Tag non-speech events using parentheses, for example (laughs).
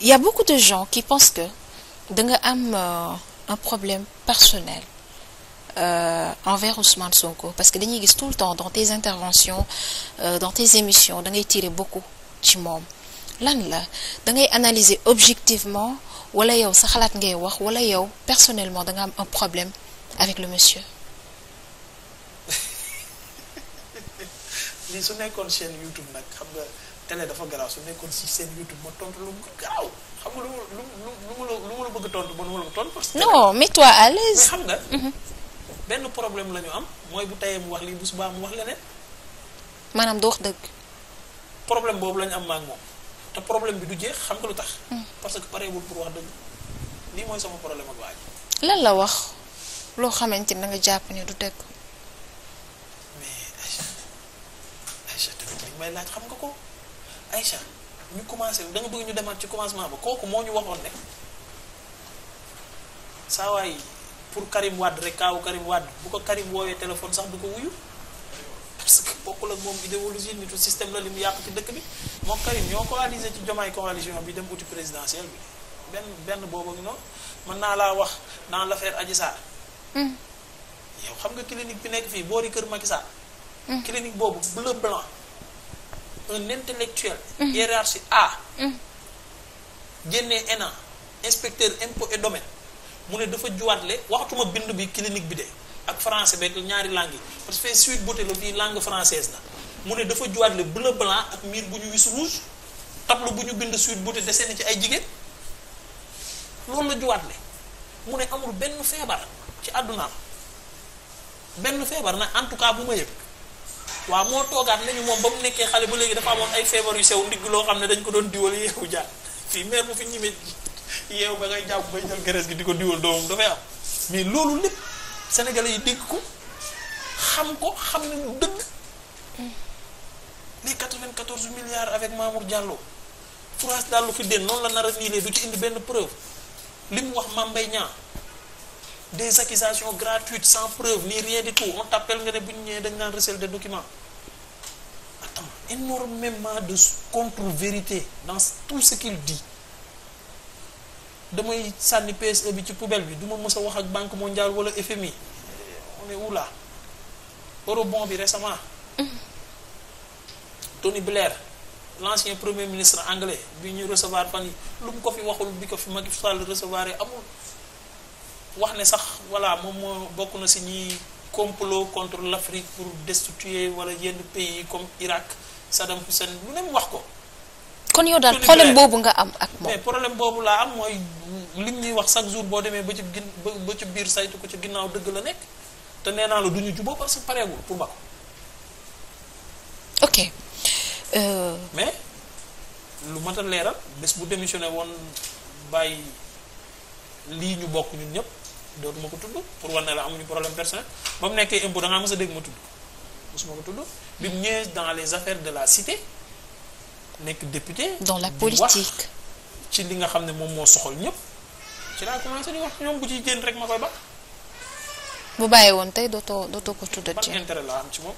y a beaucoup de gens qui pensent que da nga am euh, un problème personnel euh, envers Ousmane Sonko parce que dañuy gis tout le temps dans tes interventions euh, dans tes émissions da ngay tirer beaucoup ci moom lan la da ngay analyser objectivement wala yow sa xalaat ngay wax wala yow personnellement da nga am un problème avec le monsieur. (laughs) télé dafa garaaw su nekkoon si seen YouTube ma tontu lu garaaw xam nga lu lu lu lu ma la bëgg tontu ba nu ma la ko tontu. parce que non mets-toi à l'aise xam nga. Mhm. benn problème la ñu am mooy bu tayee mu wax lii bu subaa mu wax leneen. maanaam du wax dëgg. problème boobu la ñu am maag moom te problème bi du jeex xam nga lu tax. Mhm. parce que pareewul pour wax dëgg lii mooy sama problème ak waa ji. lan la wax loo xamante ni da nga jàpp ne du dëgg. mais Aïcha Aïcha tamit li may laaj xam nga ko. ay Aïcha ñu commencé da nga bëgg ñu demaat ci commencement ba kooku moo ñu waxoon ne saa waay pour Karim Wade rek kaawu Karim Wade bu ko Karim woowee téléphone sax du ko wuyu parce que bokkul ak moom idéologie nitu système la li mu yàq ci dëkk bi moom Karim ñoo coalisé ci jomaay coalition bi dem uti présidentielle bi benn benn boobu ak noonu mën naa laa wax dans l'affaire aji saa hmm. yow xam nga clinique bi nekk fii boori kër Macky Sall hmm. clinique boobu bleu blanc un intellectuel mm. hiérarchie A mm. génnee ENA inspecteur impôt et domaine mu ne dafa juwaatle waxtuma bind bi clinique bi de ak français beeg ñaari langue yi parce que Sweet Beauté la fii langue française la mu ne dafa juwaatle bleu blanc ak miir bu ñu wis rouge tableau bu ñu bind Sweet de dessiné ci ay jigéen loolu la juwaatle mu ne amul benn feebar ci àdduna benn feebar nag en tout cas bu ma yëg waaw moo toogaat nañu moom ba mu nekkee xale ba léegi dafa amoon ay feebar yu sew ndigg loo xam ne dañ ko doon diwal yeewu jaar fii meer bu fi ñimee yeew ba ngay jàpp bay jël gérés gi di ko diwal doomam dafay am mais loolu lépp sénégalais yi dégg ko xam ko xam ne lu dëgg les 94 milliards avec Mamour Diallo France daal den noonu la nar a niilee ci indi benn preuve li mu wax Mame Mbaye Niang des accusations gratuites sans preuve ni rien du tout nga ne bu ñu ñëwee dañ naan recel des documents énormément de contre-vérité dans tout ce qu'il dit damay sànni PSE bi ci poubelle bi du ma mës a wax ak banque mondiale wala FMI on est où là eurobond bi récemment mm-hmm. Tony Blair l'ancien premier ministre anglais bi ñu recevoir fan yi lu mu ko fi waxul bi ko fi Macky Sall yi amul wax ne sax voilà moom moo bokk na si ñuy complot contre l'Afrique pour destituer wala yenn pays comme Irak Saddam Hussein lu ne mu wax ko. kon yow daal problème boobu nga am ak moom. mais problème boobu laa am mooy li ñuy wax chaque jour boo demee ba ci gin ba ci biir saytu ko ci ginnaaw dëgg la nekk te nee naa la du ñu jubóo parce que pareegul pour ba ko. ok. Euh, mais lu mat a leeral bés bu démissionné woon bàyyi lii ñu bokk ñun ñëpp dootuma ko tudd pour wane la amuñu problème personnel ba mu nekkee impôt da ngaa dégg ma tudd. mosuma ko tudd bi mu ñëwee dans les affaires de la cité nekk député. dans la politique ci li nga xam ne moom moo soxal ñëpp ci laa commencé di wax ñoom bu ci jën rek ma koy ba bu bàyyee woon tey dootoo dootoo ko tuddati. ban intérêt laa am ci moom.